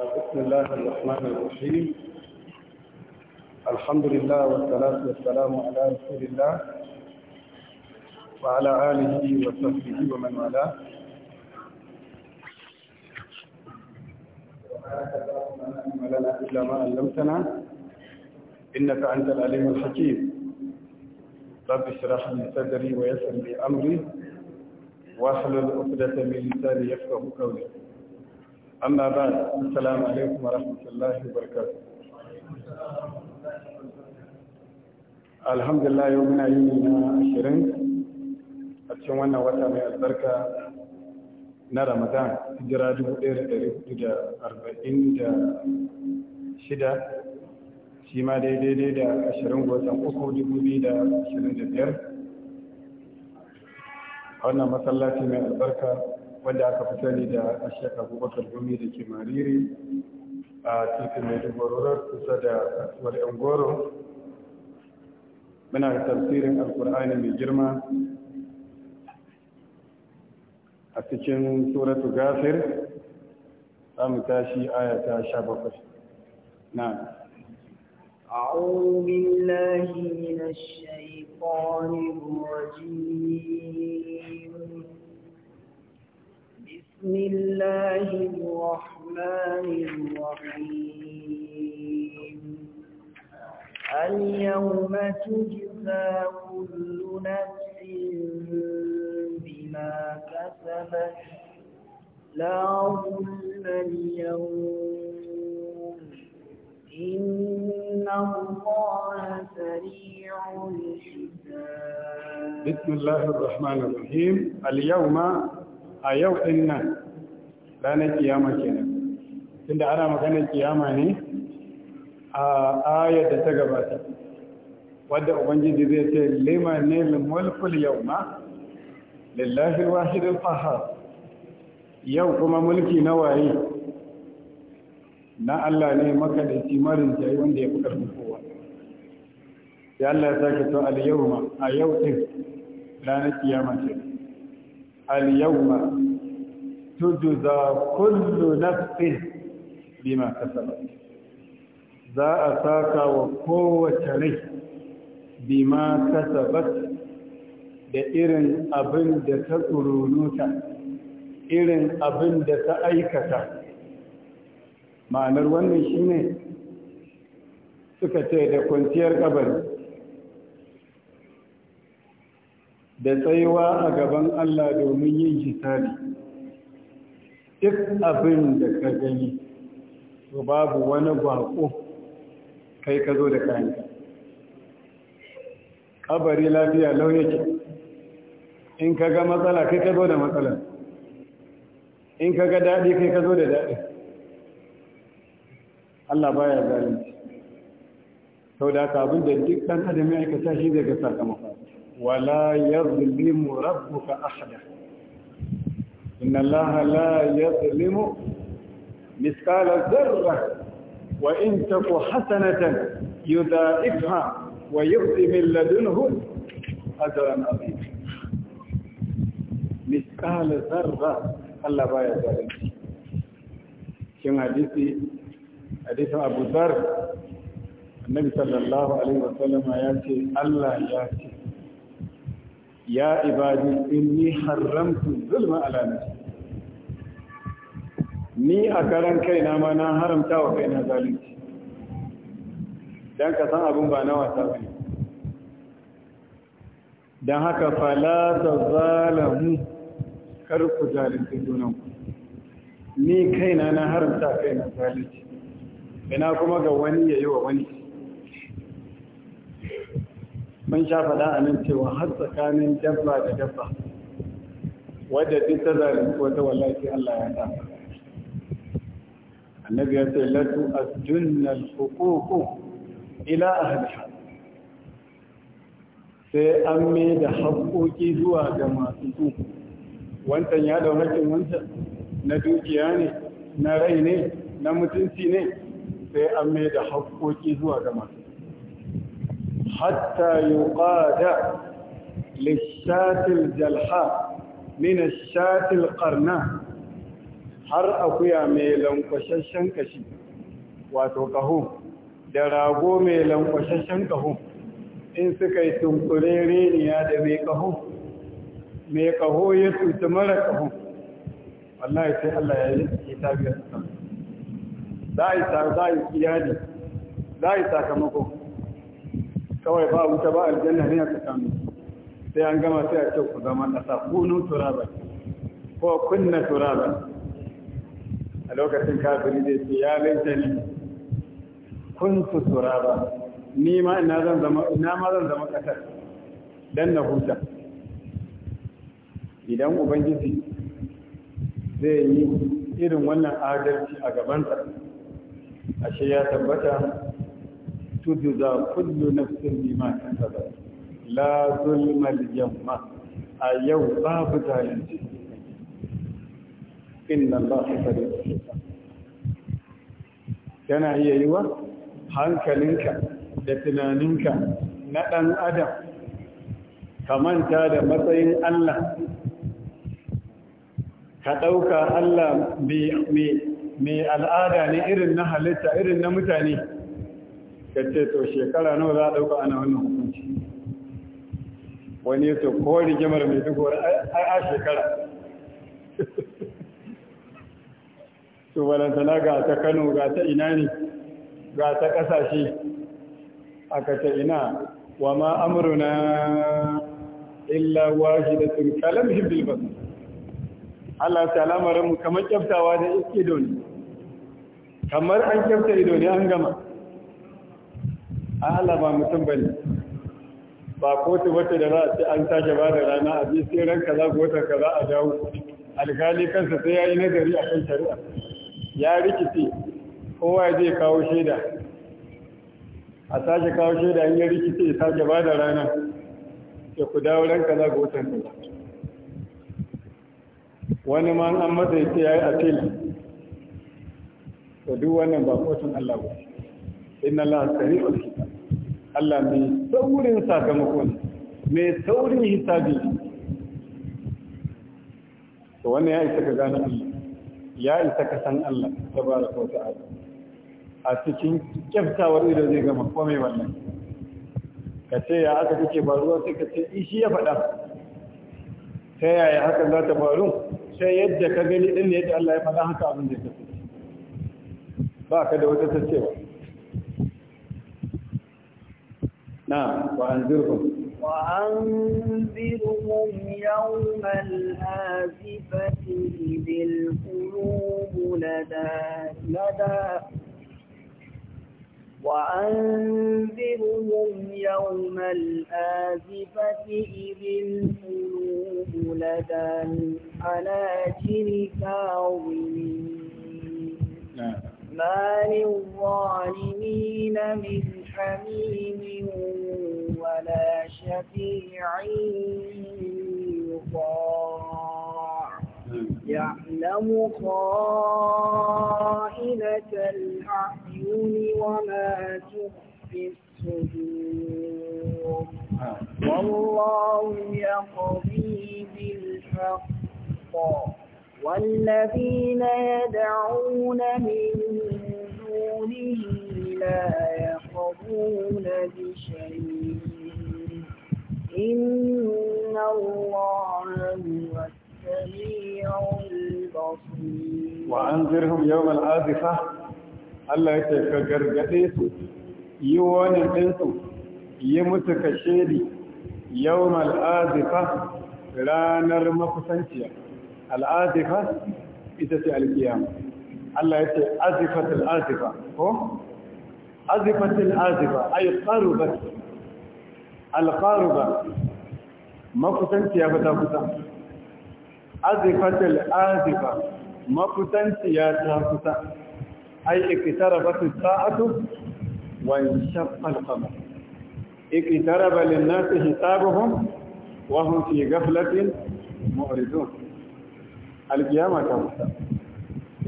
بسم الله الرحمن الرحيم الحمد لله والصلاة والسلام على رسول الله وعلى آله وصحبه ومن والاه لنا إلا ما علمتنا إنك أنت العليم الحكيم رب اشرح لي صدري ويسر لي أمري واحلل عقدة من لساني يفقه قولي أما بعد السلام عليكم ورحمة الله وبركاته الحمد لله يومنا يومنا عشرين أتشون وانا وطا من البركة na Ramadan دي 1446 shi ma daidai da 20 watan 3,2025 wannan masallaci mai albarka wanda aka fi sani da ashek abubakar gumi da ke mariri a titin maiduguri kusa da kasuwar yan goro muna da tafsirin alkur'ani mai girma a cikin suratu gafir za tashi ayata sha bakwai na أعوذ بالله من الشيطان الرجيم بسم الله الرحمن الرحيم اليوم تجزى كل نفس بما كسبت لا ظلم اليوم إن الله سريع الحساب بسم الله الرحمن الرحيم اليوم a yau ɗin nan ranar kiyama kenan tunda ana maganar kiyama ne a ayar da ta gabata wadda ubangiji zai ce lima ne mulkul ma lillahi wahidin faha. yau kuma mulki na waye na Allah ne maka da timarin jayi wanda ya fi karfin kowa ya Allah ya sake to al ma. a yau din ranar kiyama ce al tudu za kullu nafsin bima kasabat za a saka wa kowace rai bima kasabat da irin abin da ta tsurunuta irin abin da ta aikata ma'anar wannan shine suka ce da kwanciyar kabari da tsayuwa a gaban Allah domin yin hisabi duk abin da ka gani to babu wani bako kai ka zo da kayanka kabari lafiya lauya yake in ka ga matsala kai ka zo da matsala in ka ga daɗi kai ka zo da daɗi Allah baya zalunci sau da haka abin da duk ɗan adam ya aikata shi zai ga sakamako ولا يظلم ربك أحدا إن الله لا يظلم مثقال ذرة وإن تك حسنة يضاعفها ويؤتي من لدنه أجرا عظيما مثقال ذرة الله بايا ذرة كما حديث حديث أبو ذر النبي صلى الله عليه وسلم يأتي الله يأتي ya ibadi inni haramtu zulma ala nafsi ni a karan kaina ma na haramta wa kaina zalunci dan ka san abin ba na wasa ne. dan haka fala tazalamu kar ku zalunci junan ni kaina na haramta kaina zalunci ina kuma ga wani yayi wa wani mun sha faɗa a nan cewa har tsakanin dabba da dabba wadda duk ta zalunci wata wallahi Allah ya ta annabi ya ce latu asjunna al-huququ ila ahliha sai an mai da haƙoƙi zuwa ga masu su wancan ya da haƙƙin wancan na dukiya ne na rai ne na mutunci ne sai an mai da haƙoƙi zuwa ga masu حتى يقاد للشاة الجلحاء من الشاة القرناء har akuya mai lankwashashen kashi wato kaho da rago mai lankwashashen kaho in suka yi tunkure reniya da mai kaho mai kaho ya tuta mara kaho wallahi sai Allah ya yi kitabiyar sa za a yi kiyadi za a yi sakamako kawai ba wuta ba aljanna ne a samu sai an gama sai a ce ku zama ƙasa kunu turaba ko kunna turaba a lokacin kafiri zai ce ya laita ni kuntu turaba ni ma ina zan zama ina ma zan zama ƙasar dan na huta idan ubangiji zai yi irin wannan adalci a gabansa ashe ya tabbata تجزى كل نفس بما كسبت لا ظلم اليوم babu باب ذلك إن الله سريع الحساب yana iya yi wa hankalinka da tunaninka na ɗan adam ka manta da matsayin Allah ka ɗauka Allah mai al'ada ne irin na halitta irin na mutane ka ce to shekara nawa za a ɗauka ana wannan hukunci wani ya to ko rigimar mai duguwar ai a shekara to balantana ga ta kano ga ta ina ne ga ta ƙasashe aka ce ina wa ma amuruna illa wahidatun kalamhim bil basar Allah ta lamarin mu kamar kyaftawa da ido ne kamar an kyafta ido ne an gama Allah ba mutum bane ba kotu wata da za a ce an sake ba da rana a ji sai ranka kaza ko kaza a jawo. alkali kansa sai ya yi nazari a kan shari'a ya rikice kowa zai kawo shaida a sake kawo shaida in ya rikice ya sake ba da rana ya ku dawo ran kaza ko kaza wani ma an masa ya ce ya yi atil to duk wannan ba kotun Allah ba inna Allah sari'ul Allah mai saurin sakamakon mai saurin hisabi to wannan ya isa ka gane Allah ya isa ka san Allah tabaraka wa ta'ala a cikin kyaftawar ido zai gama komai wannan ka ce ya aka kake ba ruwa sai ka ce ishi ya faɗa ta yaya hakan za ta faru sai yadda ka gani ɗin ne yadda Allah ya faɗa haka abin da ya kasance ba ka da wata ta نعم وأنذرهم وأنذرهم يوم الآزفة إذ القلوب لدى لدى وأنذرهم يوم الآزفة إذ القلوب لدى الحناجر كاظمين نعم. ما للظالمين من حميم ولا شفيع يطاع يعلم خائنة الأعين وما تخفي الصدور والله يقضي بالحق والذين يدعون من دونه لا يقضون بشيء إن الله هو السميع البصير وأنذرهم يوم الآذفة الله يتكى قرقتيس يوان الإنسو يمتك الشيري يوم الآذفة لا نرمى قسنشيا الآذفة إتتي القيامة الله يتكى أذفة الآذفة هو أزفت الآزفة أي قربت القاربة ما كنت يا فتا فتا أزفت الآزفة ما كنت يا فتا أي اقتربت الساعة وانشق القمر اقترب للناس حسابهم وهم في غفلة مؤردون القيامة تفتا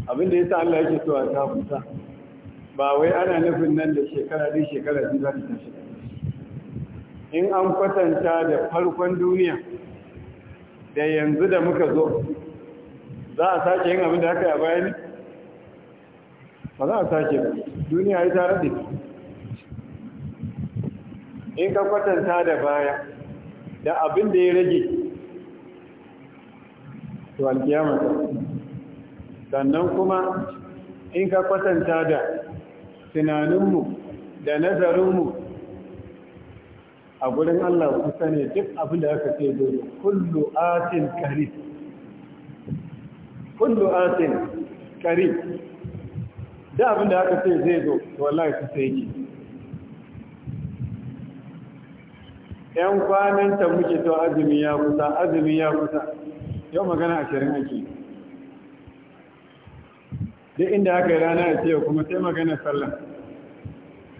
أبن ليس الله يجب أن ba wai ana nufin nan da shekara din shekara din za ta tashi in an kwatanta da farkon duniya da yanzu da muka zo za a sake yin abin da aka yi a bayani ba za a sake ba duniya ya tare da in ka kwatanta da baya da abin da ya rage to alkiyama sannan kuma in ka kwatanta da tunaninmu da nazarinmu a gudun Allah ku sani duk abin da aka ce dole kullu atin kari kullu atin kari da abin da aka ce zai zo to wallahi ku sai ki yan kwanan ta muke to azumi ya kusa azumi ya kusa yau magana 20 ake duk inda aka yi rana a cewa kuma sai magana sallah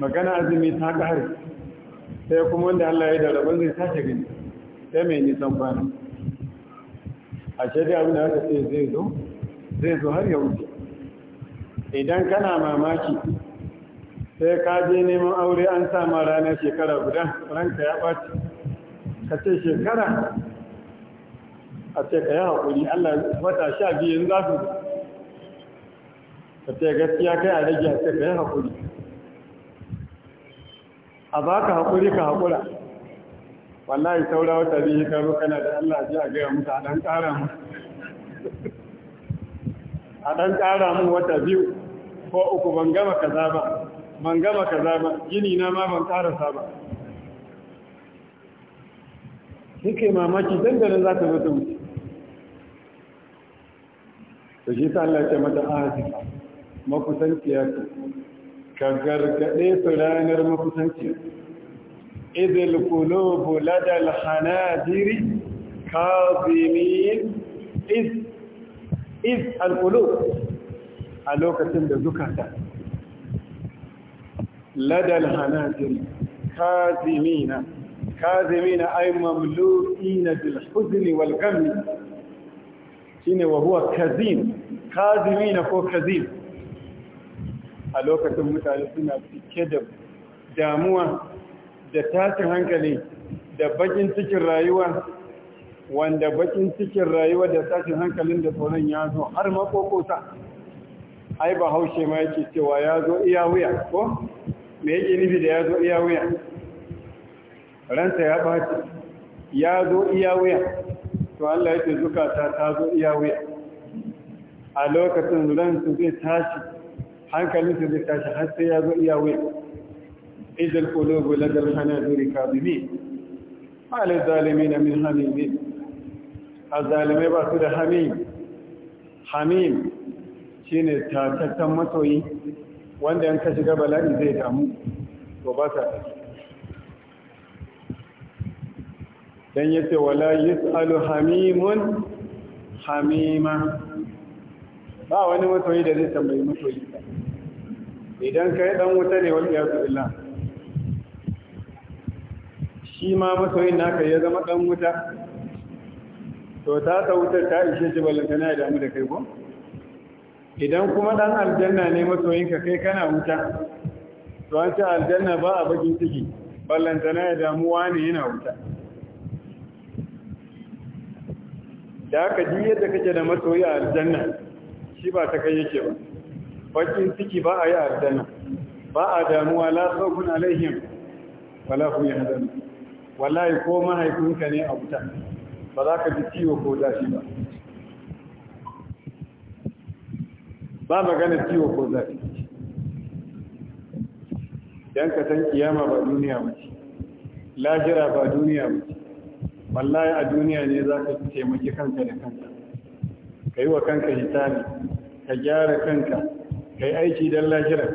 magana azumi ta ƙari sai kuma wanda Allah ya da rabon zai sace gani sai mai nisan kwana a shaɗi abin da aka ce zai zo zai zo har ya wuce idan kana mamaki sai ka je neman aure an sama ranar shekara guda ranka ya ɓaci ka ce shekara a ce ka yi haƙuri Allah wata sha biyu za su ka gaskiya kai a rage a ce kai hakuri. a baka hakuri ka hakura. wallahi saura wata biyu ka zo kana da Allah ji a gaya musu a dan ƙara mu a dan kara mu wata biyu ko uku ban gama kaza ba ban gama kaza ba gini na ma ban sa ba Kike mamaki dandalin za ta zo ta wuce to shi ta Allah ce mata azifa makusanciya ce ka gargaɗe su ranar makusanciya idil kulubu ladal hanajiri kazimin iz alkulub a lokacin da zukata ladal hanajiri kazimina kazimina ay mamlu'ina bil huzni wal gham shine wa huwa kazim kazimina ko kazim a lokacin mutane suna cike da damuwa da tashin hankali da bakin cikin rayuwa wanda bakin cikin rayuwa da tashin hankalin da tsoron ya zo har makokota ai ba haushe ma yake cewa ya zo iya wuya ko me yake nufi da ya zo iya wuya ransa ya ɓaci ya zo iya wuya to Allah yake zukata ta zo iya wuya a lokacin ransu zai tashi hankalin su zai tashi har sai ya zo iya wuya idal qulubu ladal hanaziri kadimi zalimi na min a zalimai ba su da hamim hamim shine tatattan masoyi wanda yanka ka shiga bala'i zai damu to ba sa ta don dan ce wala yusalu hamimun hamima ba wani masoyi da zai tambayi masoyi idan kai dan wuta ne wal su illa. shi ma masoyin naka ya zama dan wuta to ta ta wutar ta ishe shi ballantana ya damu da kai ko idan kuma dan aljanna ne masoyinka kai kana wuta to an ce aljanna ba a bakin ciki ballantana ya damuwa ne yana wuta da aka ji yadda kake da masoyi a aljanna shi ba ta kai yake ba bakin ciki ba a yi addana ba a damuwa la saukun alaihim wala ya hadana wallahi ko mahaifinka ne a wuta ba za ka ji ciwo ko zafi ba ba magana ciwo ko zafi yan ka san kiyama ba duniya mace lahira ba duniya mace wallahi a duniya ne za ka taimaki kanka da kanka ka yi wa kanka hitami ka gyara kanka kai aiki don lahirar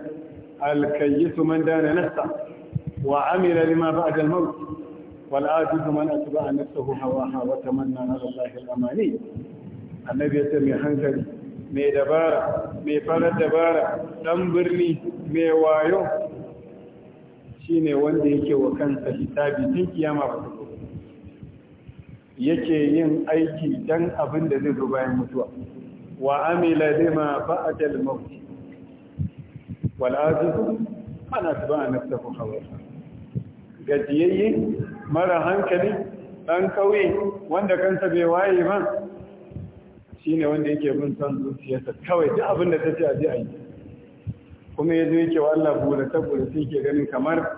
alkayyisu man dana nasta wa amila lima ba'da al-maut wal su man atba'a nafsahu hawa hawa tamanna manna Allah al-amani annabi yace mai hankali mai dabara mai farar dabara dan birni mai wayo shine wanda yake wa kansa hisabi tun kiyama ba ta yake yin aiki dan abin da zai zo bayan mutuwa wa amila lima ba'da a maut wal'ajizu ana ba a naftahu hawaisa gajiyayye mara hankali ɗan kauye wanda kansa bai waye ba shi ne wanda yake bin son zuciyarsa kawai duk abin da ta ce a ji a yi kuma ya zo yake wa Allah bude ta sai ke ganin kamar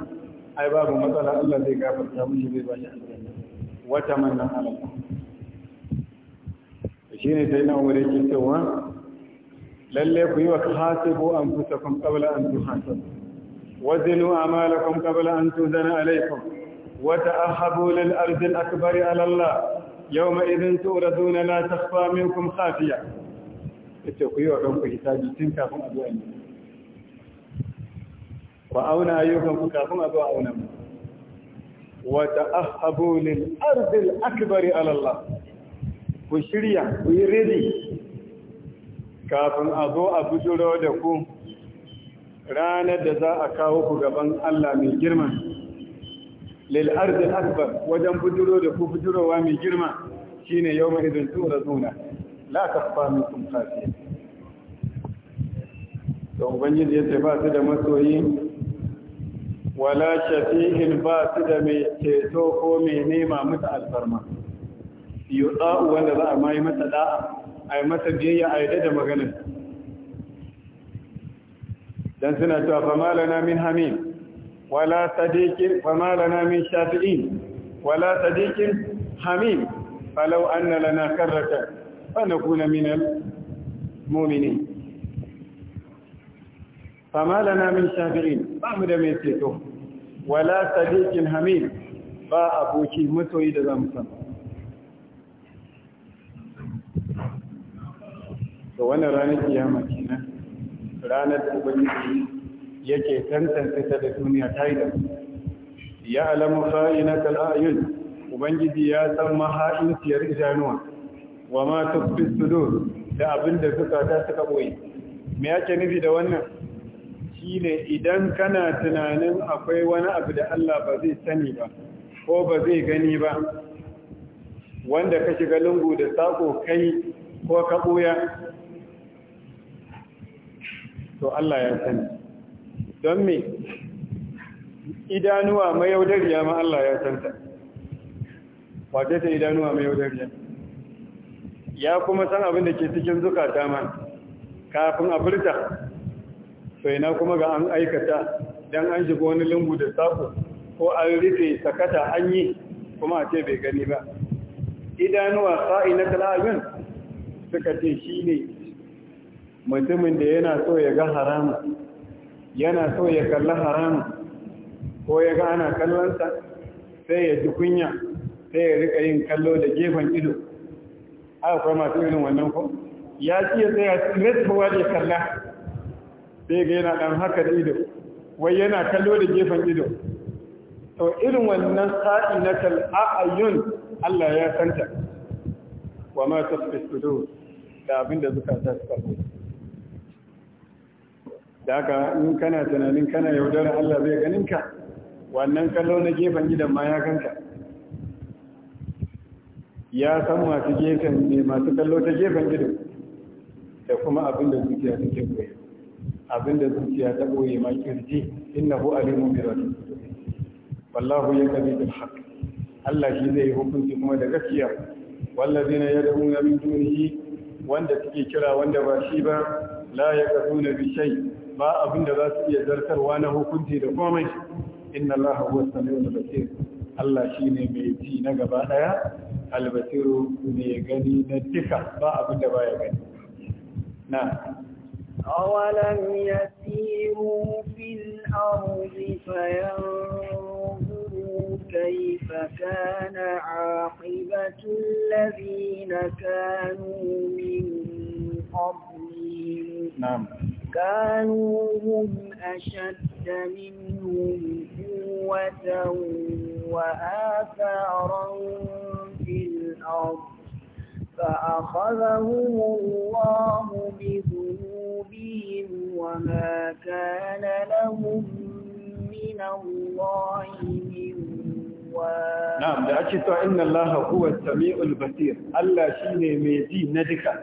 ai babu matsala Allah zai gafarta shi zai ba shi wata mannan Allah shi ne sai na umar yake cewa lalle ku yi wa hasibu anfusakum qabla an tuhasabu wazinu amalakum qabla an tuzana alaykum wa ta'ahabu lil ardi al akbar ala Allah yawma idhin turaduna la takhfa minkum khafiya ita ku yi wa kanku hisabi tun kafin a zuwa ne ku auna ayyukanku kafin a zuwa auna mu wa ta'ahabu lil ardi al akbar ala Allah ku shirya ku yi ready kafin a zo a bujiro da ku ranar da za a kawo ku gaban Allah mai girma lil'arzi akbar wajen bujiro da ku bujirowa mai girma shine yau mai idan tura zuna la ka fa min kun kafi to ubangiji ya ce ba su da masoyi wala shafi'in ba su da mai ceto ko mai nema mutu alfarma yu'a'u wanda za a mai mata da'a a yi masa biyayya a yadda da maganin dan suna cewa famalana min hamim wala sadiqin famalana min shafi'in wala sadiqin hamim falau anna lana karrata fa nakuna min al-mu'minin famalana min shafi'in ba mu da mai ceto wala sadiqin hamim ba abokin masoyi da zamu Da wannan ranar kiyama kenan ranar da ubangiji yake tantance ta da duniya ta yi da ya alamu kha'inatal a'yun ubangiji ya san maha'inciyar idanuwa wa ma tukfi sudur da abin da ta suka boye me yake nufi da wannan shine idan kana tunanin akwai wani abu da Allah ba zai sani ba ko ba zai gani ba wanda ka shiga lungu da sako kai ko ka ɓuya to Allah ya sani don me idanuwa mai yaudariya ma Allah ya santa wace ta idanuwa mai yaudariya ya kuma san abin da ke cikin zukata ma kafin a furta Sai na kuma ga an aikata don an shiga wani lungu da sako ko an rufe sakata an yi kuma a ce bai gani ba idanuwa sa'inatul ayun suka ce shi ne mutumin da yana so ya ga haramu yana so ya kalla haramu ko ya ga ana kallonsa sai ya ji kunya sai ya rika yin kallo da gefen ido akwai masu irin wannan ko ya ci ya tsaya straight forward ya kalla sai ga yana dan haka da ido wai yana kallo da gefen ido to irin wannan sa'i na kal'a'ayyun Allah ya santa wa ma tasbis sudur da abinda zukata suka koyi da haka in kana tunanin kana yaudara Allah zai ganin ka wannan kallo na gefen gidan ma ya kanka ya san masu gefen ne masu kallo ta gefen gidan da kuma abin da zuciya ke koyi abin da zuciya ta koyi ma kirji hu alimu bi zati wallahu yaqdi bil haqq Allah shi zai hukunci kuma da gaskiya wallazina yad'una min dunihi wanda suke kira wanda ba shi ba la yaqduna bi shay ba abin da za su iya zartarwa na hukunci da komai inna allaha huwa samiul basir Allah shine mai ji na gaba daya albasiru ne gani na duka ba abin da baya gani na أولم يسيروا في الأرض فينظروا كيف كان عاقبة الذين كانوا من قبلهم نعم كانوا هم أشد منهم قوة وآثارا في الأرض فأخذهم الله بذنوبهم وما كان لهم من الله من نعم da ake cewa inna Allah huwa samiul basir Allah shine mai ji na duka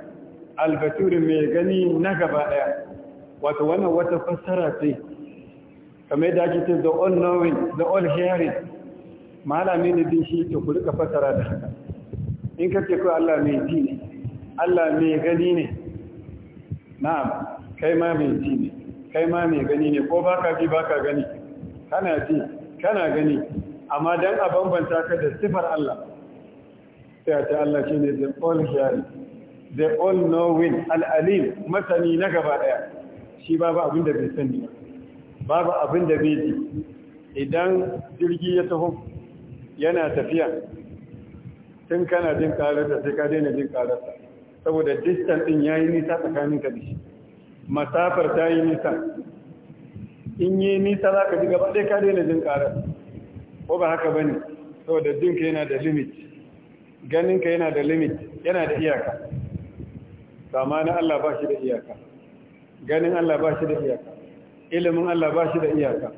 al-basir mai gani na gaba daya wato wannan wata fassara ce kamar da ake ce the all knowing the all hearing malami ne din shi to ku rika fassara da haka in ka ce ko Allah mai ji ne Allah mai gani ne na'am kai ma mai ji ne kai ma mai gani ne ko baka ji baka gani kana ji kana gani amma dan a bambanta ka da sifar Allah sai a ce Allah shine the all hearing the all knowing al alim masani na gaba daya shi babu abin da bai sani babu abin da bai ji idan jirgi ya taho yana tafiya tun kana jin ƙararsa sai ka daina jin ƙararsa saboda distance din ya yi nisa tsakanin ka da shi masafar ta yi nisa in yi nisa za ka ji gaba sai ka daina jin ƙararsa ko ba haka ba ne saboda jinka yana da limit ganinka yana da limit yana da iyaka sama na Allah ba shi da iyaka ganin Allah ba shi da iyaka ilimin Allah ba shi da iyaka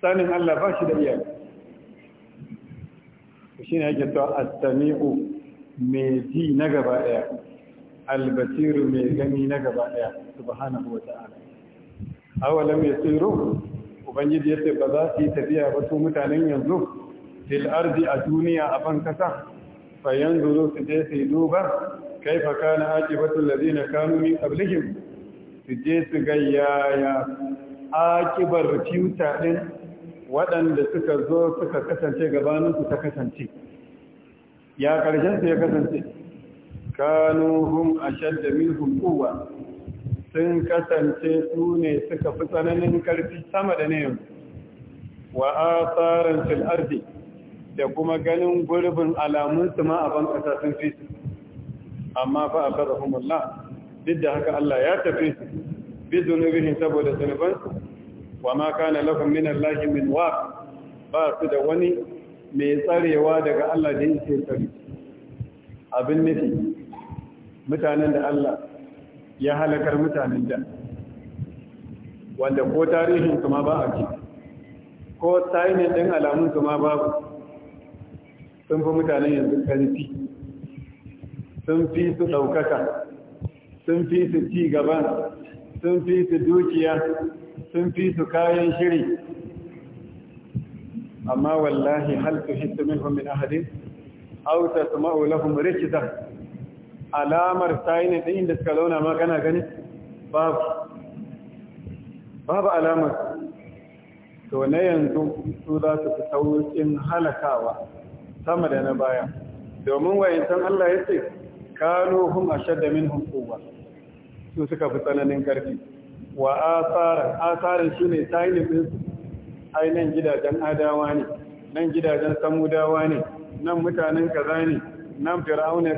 sanin Allah ba shi da iyaka shi ne yake to astami'u mai ji na gaba daya albasiru mai gani na gaba daya subhanahu wa ta'ala awalam yasiru ubangiji yace ba za su yi tafiya ba su mutanen yanzu fil ardi a duniya a ban kasa fa yanzu su je su duba kaifa kana aqibatu ladina kanu min qablihim su je su gayyaya akibar rufuta ɗin waɗanda suka zo suka kasance gabaninsu ta kasance ya ƙarshensu ya kasance kanuhun a shadda milhun kowa sun kasance su ne suka fi tsananin ƙarfi sama da ne wa a tsarin fil'ardi da kuma ganin gurbin alamunsu ma a ban ƙasa sun fi amma fa a ƙarfin Allah duk da haka Allah ya tafi bi zunubihin saboda zunubansu wa ma kana lakum min Allahi min wa ba su da wani mai tsarewa daga Allah da yake tsari abin nufi mutanen da Allah ya halakar mutanen da wanda ko tarihin kuma ba a ji ko tsayinin din alamun kuma babu sun fi mutanen yanzu ƙarfi sun fi su ɗaukaka sun fi su ci gaba sun fi su dukiya sun fi su kayan shiri amma wallahi hal tuhissu minhum min ahadin aw su lahum rikza alamar sayne din da suka launa ma kana gani babu babu alamar to na yanzu su za su fi saurin halakawa sama da na baya domin san Allah ya ce kanu hum ashadda minhum quwwa su suka fi tsananin karfi wa asaran asaran shine tayilin din ai nan gidajen adawa ne nan gidajen samudawa ne nan mutanen kaza ne nan fir'auna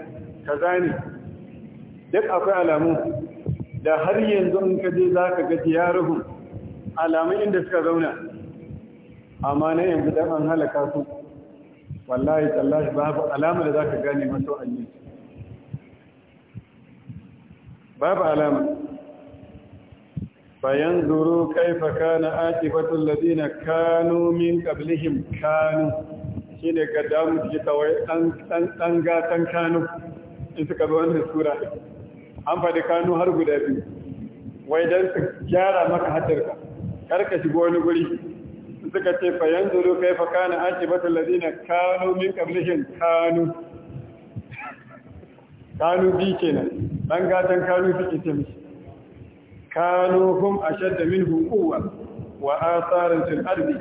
kaza ne duk akwai alamu da har yanzu in ka je za gaji ya ziyaruhum alamun inda suka zauna amma na yanzu dan an halaka su wallahi tallahi babu alama da za ka gane masu hanyar babu alama bayan zuru kaifa kana aqibatul ladina kanu min qablihim kanu shine damu ji tawai dan dan dan gatan kanu in suka zo wannan sura an faɗi kanu har guda biyu wai dan su gyara maka hadarka karka shigo wani guri suka ce bayan zuru kaifa kana aqibatul ladina kanu min qablihim kanu kanu bi kenan dan gatan kanu suke ce mishi kanu hum ashadda minhu quwwa wa atharan fil ardi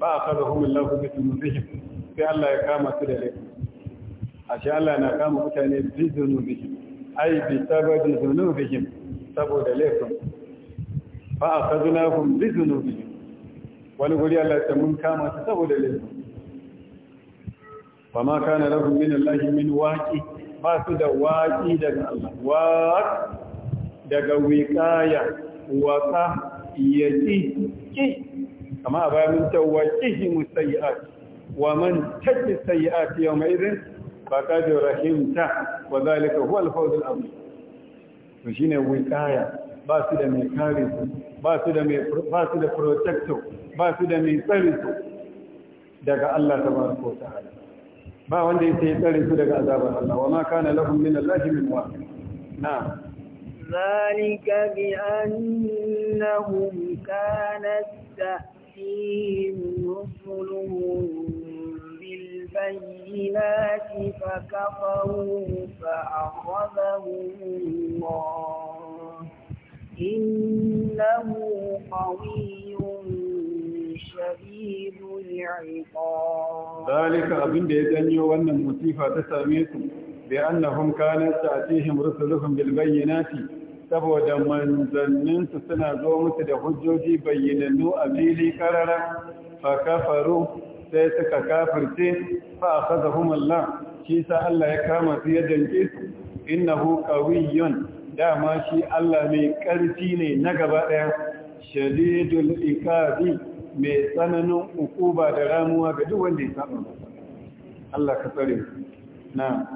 fa akhadhahum Allah bi dhunubihim sai Allah ya kama su da laifi ashe Allah na kama mutane bi dhunubihim ai bi sababi dhunubihim saboda laifin fa akhadnahum bi dhunubihim wani guri Allah ya mun kama su saboda laifin fa ma kana lahum min Allah min waqi ba su da waƙi daga waƙ daga wikaya ya yaki ki amma a bayan mun tawaki musayyi'at wa man mai sayyi'at ba ta ji rahimta wa zalika huwa al abu al shi ne shine wikaya ba su da mai kare su ba su da mai ba su da protector ba su da mai tsari su daga Allah ta wa ta'ala ba wanda ya sai tsare su daga azabar Allah wa ma kana lahum min Allah min wa na'am zalika bi annahum kanat ta'tihim rusuluhum بالبينات فكفروا فأخذهم الله إنه قوي شديد العقاب ذلك أبن دي جنيو وأن المصيفة تساميكم بأنهم كانت تأتيهم رسلهم بالبينات saboda manzanninsu suna zo musu da hujjoji bayyanannu a fili karara fa kafaru sai suka kafirce fa akhadhahum Allah shi sa Allah ya kama su ya danke su innahu qawiyyun dama shi Allah mai karfi ne na gaba daya shadidul iqabi mai tsananin hukuba da ramuwa ga duk wanda ya samu Allah ka tsare na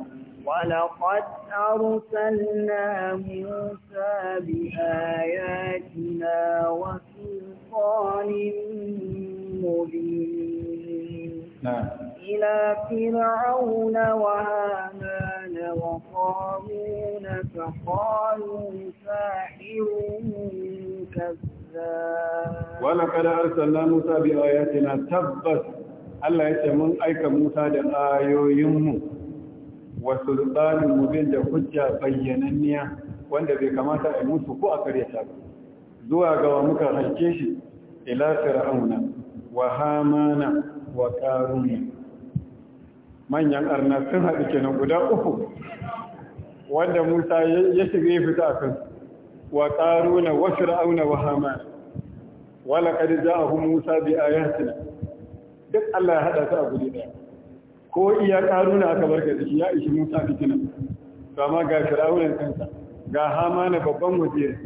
walaqad arsalna musa bi ayatina wa sultanin mubin na ila fir'auna wa hamana wa qaruna fa qalu sahirun ولقد أرسلنا موسى بآياتنا تبت Allah ya ce mun aika Musa da ayoyinmu wa sultanin mubin da hujja bayyananniya wanda bai kamata a mutu ko a karyata ba zuwa ga muka halke shi ila fir'auna wa hamana wa qarun manyan arna sun haɗu kenan guda uku wanda Musa ya shige fita kan وقارون وفرعون وهامان ولقد جاءهم موسى بآياتنا duk Allah ya hada su a guri daya ko iya karuna aka barka da ya ishi Musa fitina to amma ga Fir'aunan kansa ga Hamana babban waziri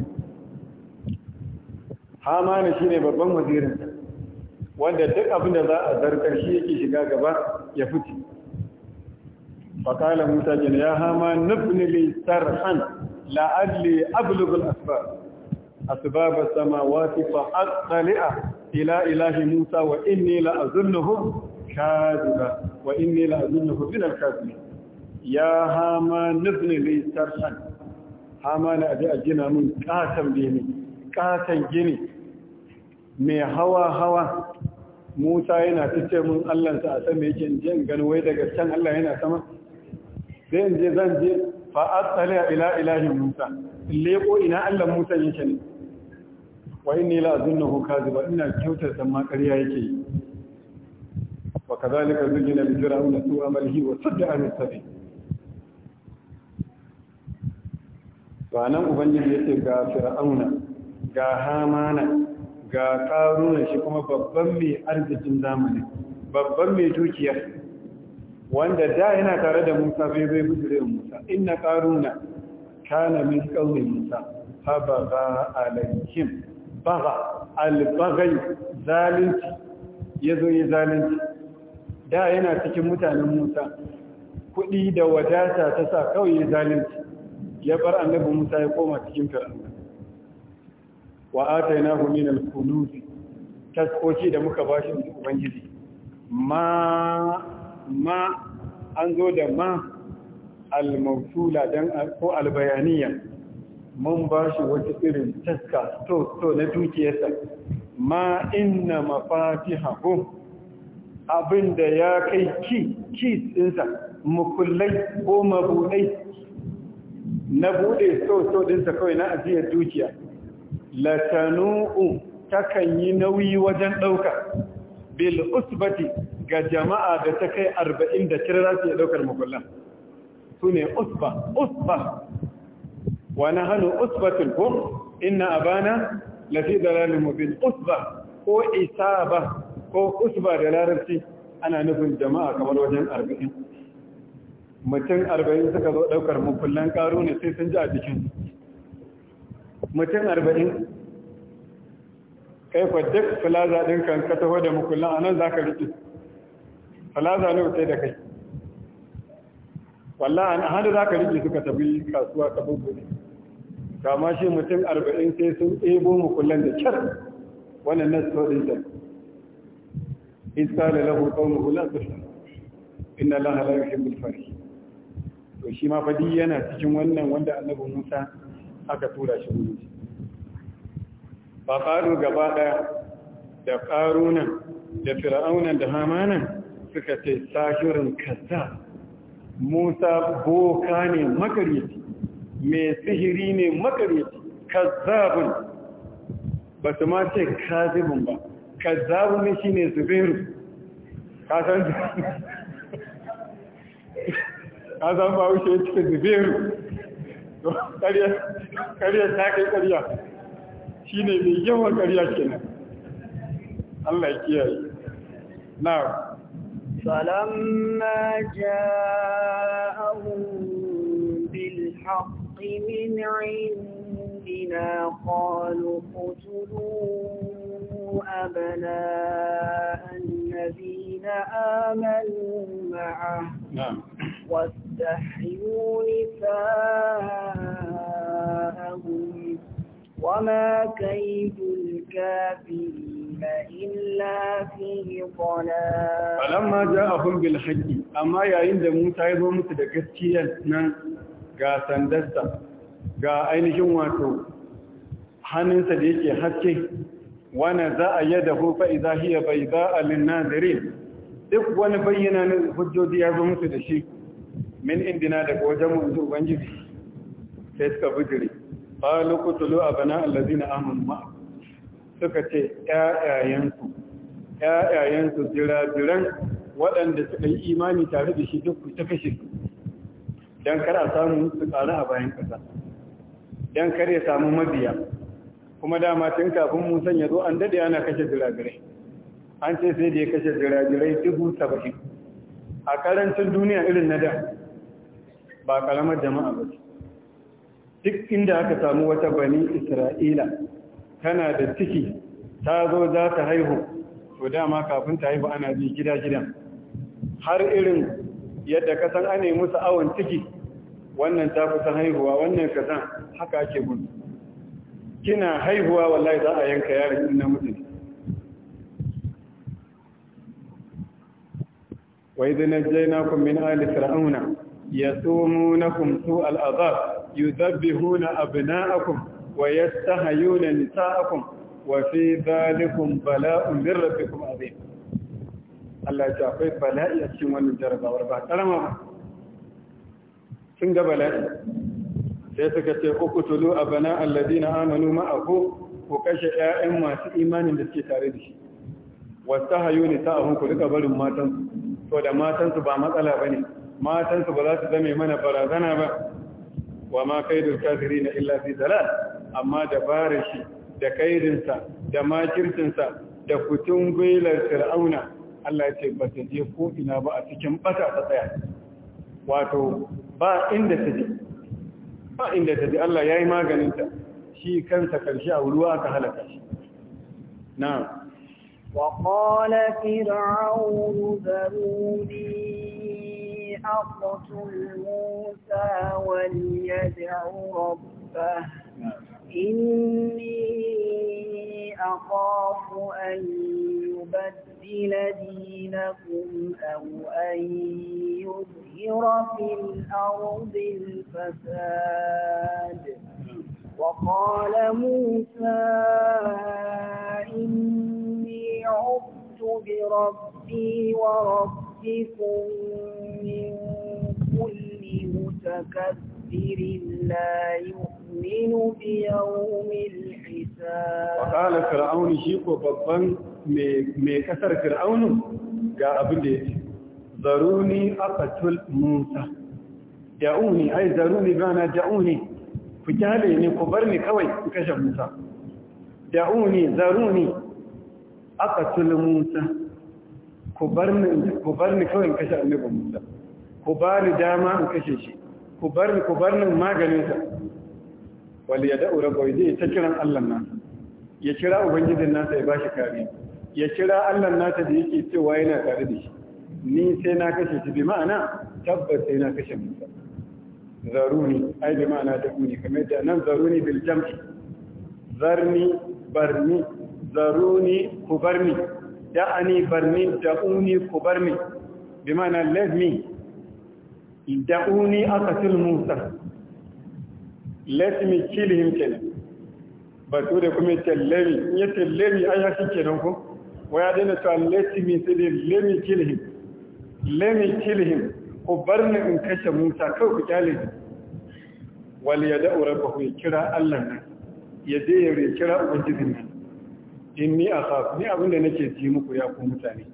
Hamana shine babban wazirin wanda duk abin da za a zarkar shi yake shiga gaba ya fice فقال موسى جل يا هامان نبني لي سرحا la'alli ablughul asbab asbab as-samawati fa attali'a ila ilahi Musa wa inni la'azunnuhu kadhiba wa inni la'azunnuhu min al-kadhibin ya hama nabni li sarhan hama na a ajina mun katan bene katan gini mai hawa hawa Musa yana fice mun Allah a sama yake in je in gano wai daga can Allah yana sama sai in je zan je fa a ila ilahi musa leko ina allah musa yake ne wa inni la azunnahu zuba? ina kyautar sama ma yake yi wa kadhalika na bi fir'auna su malhi wa sadda an sabi to nan ubangiji ce ga fir'auna ga hamana ga karuna shi kuma babban mai arzikin zamani babban mai dukiya wanda da yana tare da Musa bai bai gudure Musa inna qaruna kana min qaumi Musa fa baga alaykum baga albagai zalunci yazo yi zalunci da yana cikin mutanen Musa kuɗi da wadata ta sa kawai ya zalunci ya bar annabi Musa ya koma cikin fir'auna wa atainahu min al-kunuz taskoki da muka bashi ubangiji ma Amma an zo da ma al-mawsula dan ko al-bayaniya mun ba shi wata irin taska to to na dukiyarsa ma inna mafatihahu abinda ya kai ki ki dinsa mukullai ko mabudai na bude so so dinsa kawai na ajiyar dukiya latanu'u takan yi nauyi wajen dauka bil usbati ga jama'a da ta kai arba'in da cire za su yi ɗaukar makullan su ne usba usba wani hannu usbatin ko inna abana lafi dalalin mubin usba ko ba ko usba da larabci ana nufin jama'a kamar wajen arba'in mutum arba'in suka zo ɗaukar makullan ƙaru ne sai sun ji a jikin mutum arba'in kai kwa duk filaza ɗin kan ka taho da makullan a nan za ka riƙe falaza ne wuce da kai wallahi hannu za ka rike suka tabi kasuwa ka bubbuɗe kama shi mutum arba'in sai sun ebo mu da kyar wannan na so din ta isa lahu qawmuhu la tashu inna allaha la al farihin to shi ma fadi yana cikin wannan wanda annabi Musa aka tura shi gudu ba ƙaru gaba ɗaya da ƙarunan da fir'aunan da hamanan suka ce sahirin kaza musa boka ne makareci mai sihiri ne makareci kazzabin ba su ma ce kazibin ba ne shi ne zubairu kasan ba wuce cikin zubairu kariya ta kai kariya shi ne mai yawan ke kenan Allah kiyaye na فلما جاءهم بالحق من عندنا قالوا اقتلوا أبناء الذين آمنوا معه نعم واستحيوا نساءهم وما كيد الكافرين إلا في ضلال فلما جاءهم بالحق a يا إند موسى يزو musu da gaskiyar nan ga sandarsa ga ainihin wato hannunsa da yake haske wani za a yada hufa izahiyya bai za a linnazirin duk wani bayyana na hujjoji ya zo musu da shi min indina daga wajen mutu ubangiji sai suka bijire a bana Allah zina amanu ma suka ce ƴaƴayensu ƴaƴayensu jira-jiran waɗanda suka yi imani tare da shi duk ta kashe su don kar a samu su tsara a bayan ƙasa don kar ya samu mabiya kuma dama tun kafin musan ya zo an daɗe ana kashe jira-jirai, an ce sai da ya kashe jira-jirai dubu saba'in a karancin duniya irin na da ba ƙaramar jama'a ba ce duk inda aka samu wata bani isra'ila tana da ciki ta zo za ta haihu to dama kafin ta haihu ana bi gida-gida har irin yadda ka san ana yi musu awon ciki wannan ta kusa haihuwa wannan kasan haka ake gun. kina haihuwa wallahi za a yanka yaron in wai wa idh najaynakum min Ya fir'auna yasumunakum su'al adhab wa yastahayuna nisa'akum wa fi dhalikum bala'un min rabbikum عظيم Allah ya akwai bala'i a cikin wannan jarabawar ba karama ba sun ga bala'i sai suka ce uqtulu abana alladhina amanu ma'ahu ku kashe ƴaƴan masu imanin da suke tare da shi wastahayu nisa'ahum ku rika barin matan to da matan su ba matsala bane matan su ba za su zame mana barazana ba wa ma kaidul kafirin illa fi dalal amma dabarar shi da kaidinsa da makircinsa da kutun gwilar fir'auna Allah ya ce ba ta je ko ina ba a cikin bata ta tsaya wato ba inda ta je ba inda ta je Allah ya yi maganinta shi kansa karshe a ruwa aka halaka shi na'am qala فرعون zaruni أخت موسى وليدع ربه إني أخاف أن يبدل دينكم أو أن يظهر في الأرض الفساد وقال موسى إني عبت بربي وربي يأتكم من كل متكبر لا يؤمن بيوم الحساب وقال فرعون شيكو ببان mai kasar fir'aunin ga abin da ya ce zaruni aqatul musa ya'uni ai zaruni bana ja'uni ku kyale ne bar ni kawai ku kashe musa ja'uni zaruni aqatul musa ku bar ni ku bar ni kawai in kashe annabin Musa ku ba ni dama in kashe shi ku bar ni ku bar ni maganin sa wal da'ura rabbahu zai ta kiran Allah nasa. ya kira ubangijin nasa ya bashi kariya ya kira Allah nasa da yake cewa yana tare da shi ni sai na kashe shi bi ma'ana tabbas sai na kashe Musa zaruni ai bi ma'ana da kuni kamar da nan zaruni bil jam'i zarni barni zaruni ku barni. da'ani barni da'uni ku bar ni bi mana let me da'uni aqatil musa let me kill him kenan bature kuma ce lemi in ya ce lemi ai haka kenan ko waya dana to let me sai dai let me kill him let me kill him ku bar ni in kashe musa kawai ku kyale wal yada'u rabbahu ya kira Allah nan ya je ya kira ubangijin nan inni akhaf ni abinda nake ji muku ya ku mutane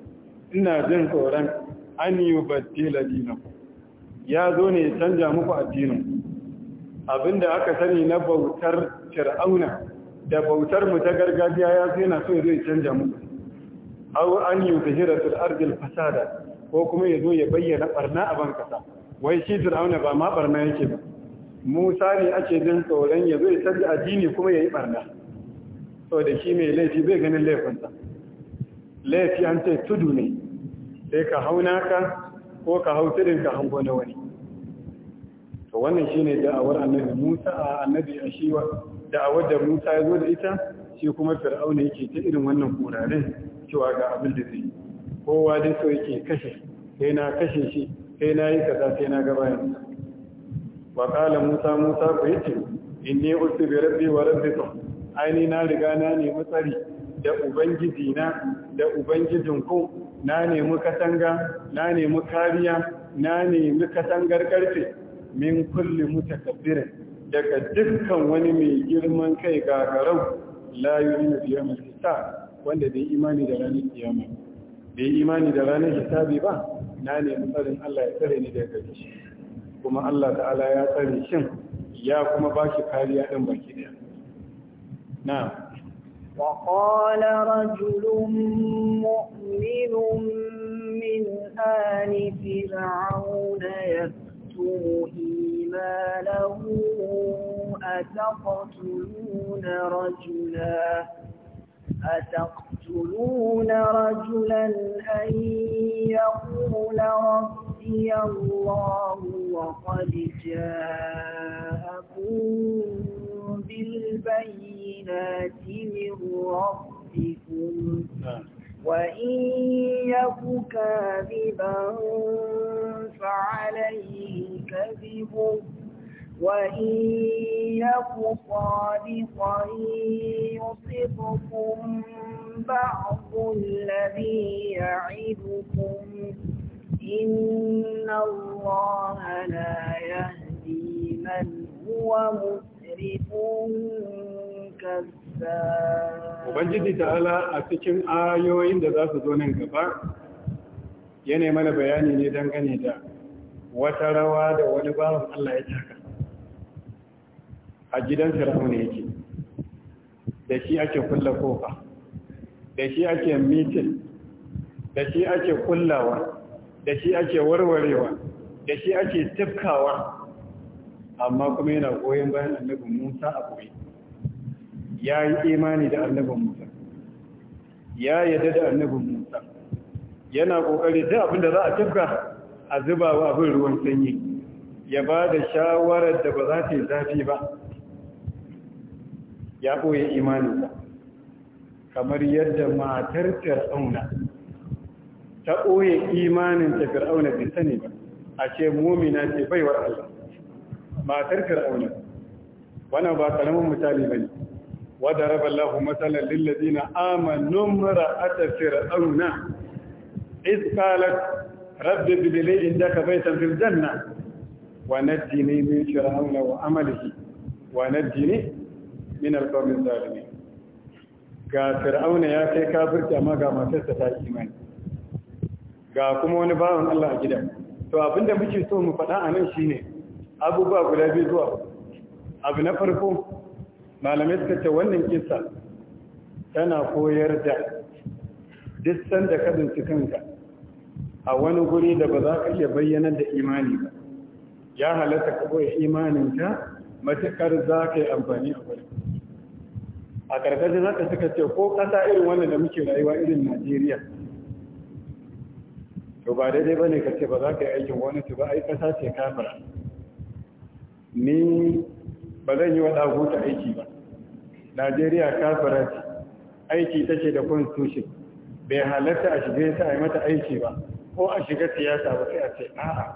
ina jin tsoron an yubaddila dinakum ya zo ne canja muku addinin abinda aka sani na bautar fir'auna da bautar mu ta gargajiya ya zo yana so ya zo ya canja muku aw an yuzhira fil ardi al fasada ko kuma ya zo ya bayyana barna a ban kasa wai shi fir'auna ba ma barna yake ba Musa ne ake jin tsoron ya zo ya canja addini kuma ya yi barna sau da shi mai laifi bai ganin laifinsa laifi an ce tudu ne sai ka hau naka ko ka hau tudun ka hango na wani to wannan shi ne da'awar annabi musa a annabi a shi da'awar da musa ya zo da ita shi kuma fir'auna yake ta irin wannan kurarin cewa ga abin da zai kowa dai so yake kashe sai na kashe shi sai na yi kaza sai na gabayan wa kala musa musa fa yace inni usbi bi rabbi wa rabbikum aini na riga na nemi tsari da ubangiji na da ubangijin ku na nemi katanga na nemi kariya na nemi katangar karfe min kulli mutakabbir daga dukkan wani mai girman kai gagarau la yu'minu bi yawmil hisab wanda bai imani da ranar kiyama bai imani da ranar hisabi ba na nemi tsarin Allah ya tsare ni daga kishi kuma Allah ta'ala ya tsare shin ya kuma ba shi kariya din baki daya. نعم وقال رجل مؤمن من آل فرعون يكتم إيمانه أتقتلون رجلا أتقتلون يقتلون رجلا أن يقول ربي الله وقد جاءكم بالبينات من ربكم نعم. وإن يك كاذبا فعليه كذبه وإن يك صادقا يصبكم بعض الذي يعدكم إن الله لا يهدي من هو مسرف كذاب Ubangiji ta'ala a cikin ayoyin da za su zo nan gaba yana mana bayani ne dangane da wata rawa da wani bawan Allah ya taka a gidan fir'auna yake da shi ake kulla kofa da shi ake mitin da shi ake kullawa da shi ake warwarewa da shi ake tafkawa. amma kuma yana goyon bayan annabin musa a koyi ya yi imani da annabin musa ya yadda da annabin musa yana kokari da abin da za a tafka, a zuba wa abin ruwan sanyi ya ba da shawarar da ba za ta yi zafi ba ya ɓoye imaninsa kamar yadda matar fir'auna ta ɓoye imanin ta fir'auna bai sani ba a ce momina ce baiwar Allah matar fir'auna wannan ba karamin misali ba ne wadda raba lahu matsalar lillazi na amanin mara'ata fir'auna iskalar rabbi bilile inda ka baitan fil janna wa najjini min fir'auna wa amalihi wa najjini min alƙawarin zalimi ga fir'auna ya kai kafirci amma ga matarsa ta imani ga kuma wani bawan Allah a gidan to abinda muke so mu faɗa a nan shine abubuwa guda biyu zuwa abu na farko malamai suka ce wannan kissa tana koyar da duk da kadin kanka a wani guri da ba za ka iya bayyana da imani ba ya halatta ka koyi imaninka matakar za ka yi amfani a wurin a ƙarƙashin haka suka ce ko ƙasa irin wannan da muke rayuwa irin najeriya to ba daidai ba ne ka ce ba za ka yi aikin su, ba a yi ƙasa ce kafara ni ba zan yi wa ɗaguta aiki ba najeriya kafara ce aiki ce da constitution bai halatta a shige ta a yi mata aiki ba ko a shiga siyasa ba sai a ce a'a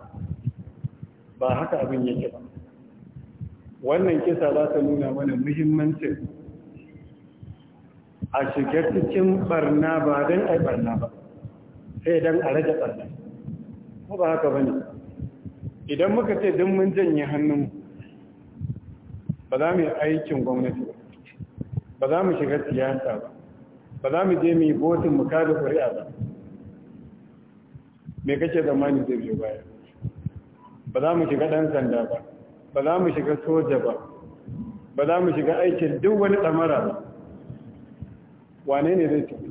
ba haka abin yake ba wannan kisa za ta nuna mana muhimmancin a shiga cikin barna ba don ai barna ba sai don a rage barna ko ba haka bane idan muka ce don mun janye hannun ba za mu yi aikin gwamnati ba za mu shiga siyasa ba ba za mu je mu yi botin mu kada kuri'a ba me kake zamani zai biyo baya ba za mu shiga ɗan sanda ba ba za mu shiga soja ba ba za mu shiga aikin duk wani ɗamara ba wane ne zai tafi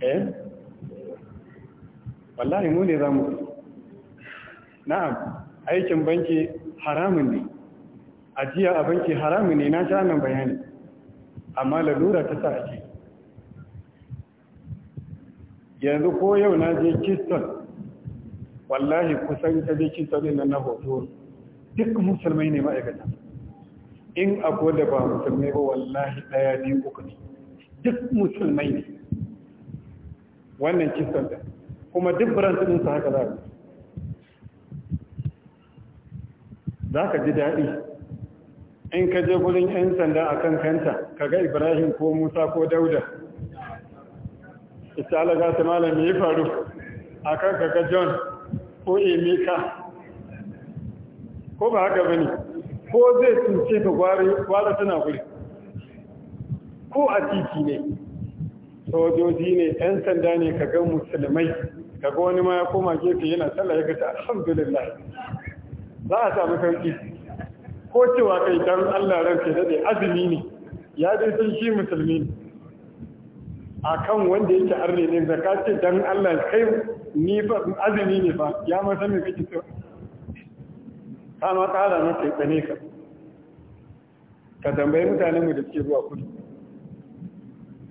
eh wallahi mu ne za mu na'am aikin banki haramun ne ajiya a banki haramun ne na sha nan bayani amma lalura ta sa ake yanzu ko yau na je kiston wallahi kusan ta je kiston na hoto duk musulmai ne ma'aikata in akwai da ba musulmai ba wallahi daya biyu uku ne duk musulmai ne wannan kisan da kuma duk branch din sa haka za ka za ka ji daɗi in ka je gurin 'yan sanda a kan kanta ka ga ibrahim ko musa ko dauda ita alaga ta malami ya faru a kan ka ga john ko emeka ko ba haka ba ne ko zai cuce ka gwara tana guri ko a titi ne sojoji ne 'yan sanda ne ka gan musulmai ga wani ma ya koma gefe yana sallah ya gata alhamdulillah za a samu sauki ko cewa kai dan Allah ranke dade azumi ne ya dai sun shi musulmi ne kan wanda yake arne ne ce dan Allah kai ni fa azumi ne fa ya ma san me ana ƙara na ke tsane ka ka tambayi mutanenmu da suke zuwa kudu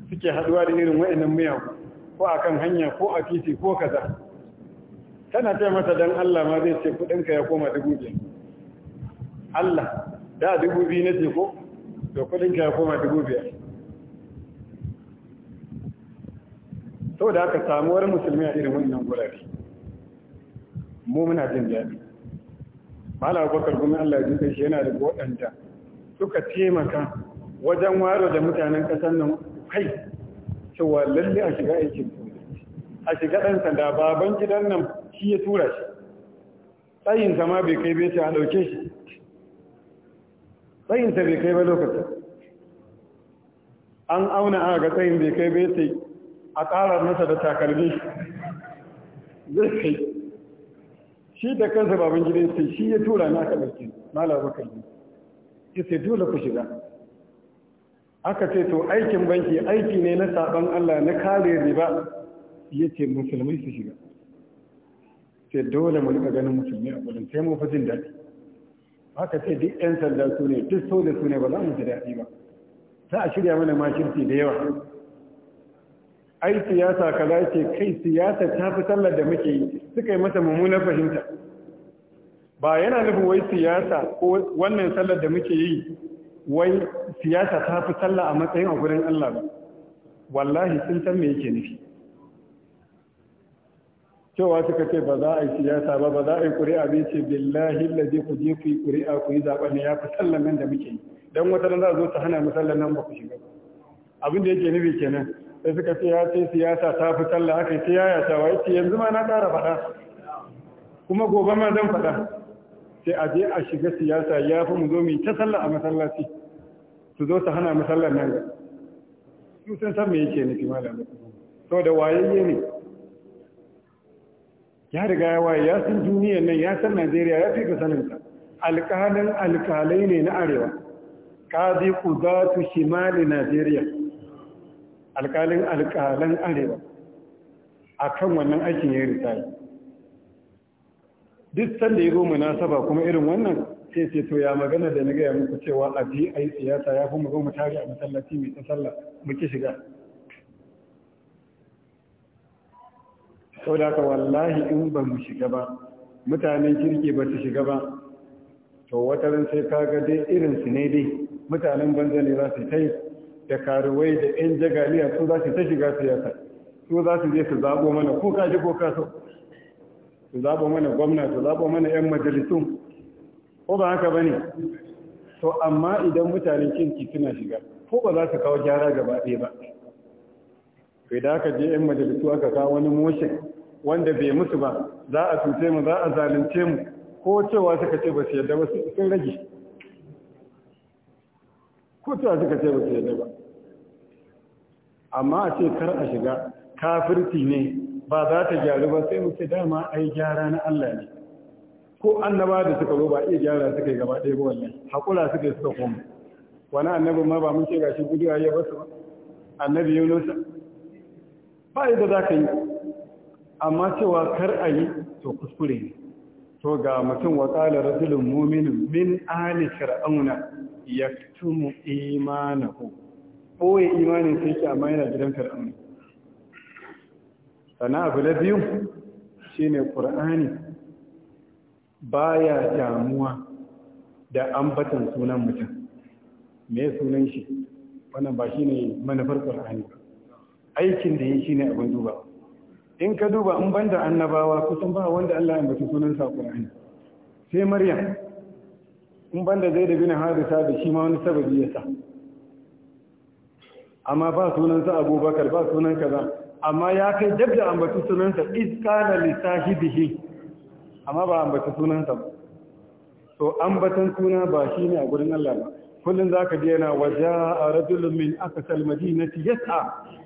suke haduwa da irin wa'annan miyagu ko a kan hanya ko a titi ko kaza tana ce mata don Allah ma zai ce kudinka ya koma dubu biyu Allah da dubu biyu na ce ko da kudinka ya koma dubu biyar sau da aka samuwar musulmi a irin wannan gurare mu muna jin daɗi Malam Abubakar kuma Allah ya shi yana da waɗanda suka taimaka wajen waro da mutanen ƙasar nan kai cewa lalle a shiga aikin sojoji a shiga ɗan sanda baban gidan nan shi ya tura shi tsayin zama bai kai bai ce a ɗauke shi tsayin ta bai kai ba lokacin an auna a ga tsayin bai kai bai ce a ƙarar masa da takalmi zai kai shi da kansa baban gidan sai shi ya tura na aka ɗauki mala bakar ne ya sai dole ku shiga aka ce to aikin banki aiki ne na saban Allah na kare riba ya ce musulmai su shiga sai dole mu rika ganin musulmi a gudun sai mu fi jin daɗi aka ce duk 'yan sanda su ne duk so su ne ba za mu ji daɗi ba za a shirya mana makirci da yawa ai siyasa kaza ce kai siyasa ta fi sallar da muke yi suka yi masa mummunar fahimta ba yana nufin wai siyasa ko wannan sallar da muke yi wai siyasa ta fi sallar a matsayin a gurin Allah ba wallahi sun san me yake nufi cewa suka ce ba za a yi siyasa ba ba za a yi ƙuri'a bai ce billahi lazi ku je ku yi ƙuri'a ku yi zaɓen ya fi sallar nan da muke yi don wata nan za a zo ta hana mu nan ba ku shiga abin da yake nufi kenan sai suka ce ya ce siyasa ta fi talla aka yi yaya ta wa yake yanzu ma na ƙara faɗa kuma gobe ma zan faɗa sai a je a shiga siyasa ya fi mu zo mu ta talla a masallaci su zo su hana masallar nan ga su sun san mai yake nufi malam saboda wayayye ne ya riga ya waye ya san duniyar nan ya san Najeriya ya fi ka sanin ta alƙalin alƙalai ne na arewa ku za qudatu shimali Najeriya alƙalin alkalan arewa a kan wannan aikin ya ritaya duk sanda ya zo munasaba kuma irin wannan sai ce to ya magana da na gaya muku cewa a bi a yi siyasa ya kuma zo mu tare a masallaci mai ta sallah muke shiga sau da haka wallahi in ba mu shiga ba mutanen kirki ba su shiga ba to wata sai kaga dai su ne dai mutanen banza ne za su ta yi da karuwai da 'yan jagaliya su za su ta shiga siyasa su za su je su zaɓo mana ko ka ji ko ka so su zaɓo mana gwamna su zaɓo mana 'yan majalisun ko ba haka ba ne to amma idan mutanen kinki suna shiga ko ba za su kawo gyara gaba ɗaya ba kai da aka je 'yan majalisu aka kawo wani motion wanda bai mutu ba za a cuce mu za a zalunce mu ko cewa suka ce ba su yadda ba sun rage ko cewa suka ce ba su yadda ba amma a ce kar a shiga kafirti ne ba za ta gyaru ba sai mu ce dama ai gyara na Allah ne ko annaba da suka zo ba iya gyara suka yi gaba ɗaya ba wallahi hakura suka yi suka koma wani annabi ma ba mun ce gashi a ya basu ba annabi Yunus ba yadda za ka yi amma cewa kar a yi to kuskure ne to ga mutum wa qala rasulun mu'minun min ali fir'auna yaktumu imanahu ɓoye imanin sai ke amma yana gidan fir'auna sana abu na biyu shine ba baya damuwa da ambatan sunan mutum me sunan shi wannan ba shi ne manufar ƙura'ani ba aikin da yi ne abin duba in ka duba in banda annabawa kusan ba wanda Allah ya mutu sunan a ƙura'ani sai maryam in banda zai da bin harisa da shi ma wani sababi ya sa amma ba sunansa abubakar ba sunan kaza amma ya kai dab da ambaci sunansa iskana lissahibihi amma ba ambaci sunansa ba to ambatan suna ba shi ne a gurin Allah ba kullum za ka jena waje a rajulun min akasal madinati yas'a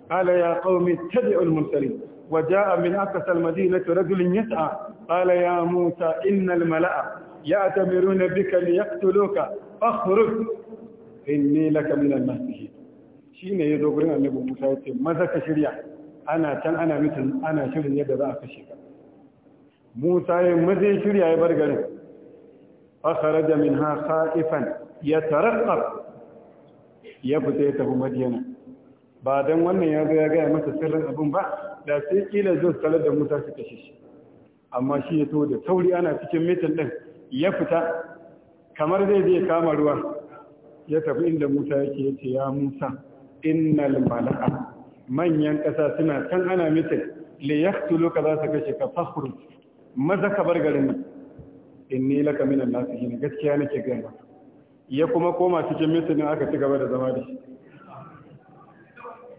qala ya waje a aka qaumi tabi'ul mursalin وجاء من أقصى المدينة رجل يسعى قال يا موسى إن الملأ يأتمرون بك ليقتلوك فاخرج إني لك masu shi. shi ne ya zo gurin annabi musa ya ce maza ka shirya ana can ana mutum ana shirin yadda za a kashe ka musa ya maza ya shirya ya bar garin fakara da min ha sa'ifan ya tarakar ya fita ya tafi madiyana ba don wannan ya zo ya gaya masa sirrin abin ba da sai kila zo salar da musa su kashe shi amma shi ya da sauri ana cikin mitin din ya fita kamar zai zai kama ruwa ya tafi inda musa yake ya ce ya musa innal mala'a manyan ƙasa suna can ana mita le ya ka za su kashe ka fahuru maza ka bar garin in nila laka minan nasu gaskiya nake gaya. ya kuma koma cikin ne aka ci gaba da zama da shi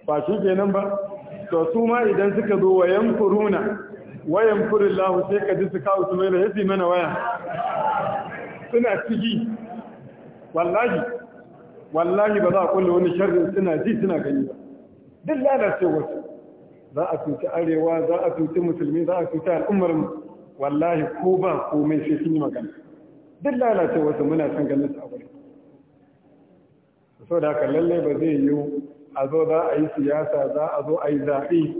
ba shi kenan ba to su ma idan suka zo wayan kuruna wayan furillahu sai ka ji su kawo su mai da ya mana waya suna ciki wallahi wallahi ba za a kulle wani sharrin suna ji suna gani ba duk wasu za a cuci arewa za a cuci musulmi za a cuci al'ummar mu. wallahi ko ba komai sai sun yi magana duk wasu muna son ganin su a wuri so da haka lallai ba zai yiwu a zo za a yi siyasa za a zo a yi zaɓe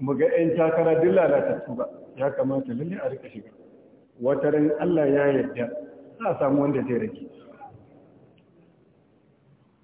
mu ga 'yan takara duk lalatattu ba ya kamata lalle a rika shiga wata ran Allah ya yarda za a samu wanda zai rage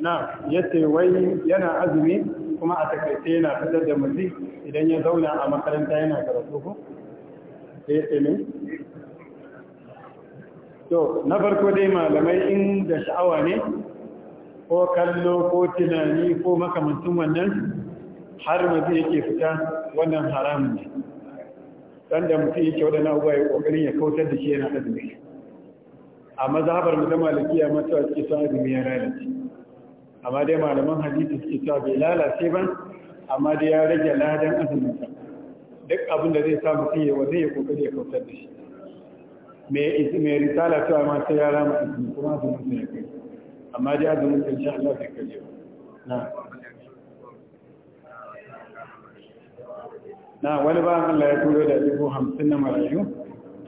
na yace wai yana azumi kuma a takaice yana fitar da mutu idan ya zauna a makaranta yana karatu ko yace ne to na farko dai malamai in da sha'awa ne ko kallo ko tunani ko makamantun wannan har mutum yake fita wannan haramun ne dan da mutum yake wadannan abubuwa ya kokarin ya kautar da shi yana azumi a mazhabar mu da malikiya mata ake son azumi ya lalace amma dai malaman hadisi suke cewa bai lalace ba amma dai ya rage ladan azuminsa duk abin da zai samu sai yawa zai ya kokari ya kautar da shi mai risala cewa ma sai ya rama azumi kuma azuminsa ya kai amma dai azuminsa insha Allah bai kai ba na na wani ba Allah ya turo da dubu hamsin na marayu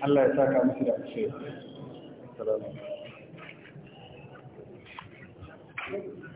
Allah ya saka musu da kushe. Thank you.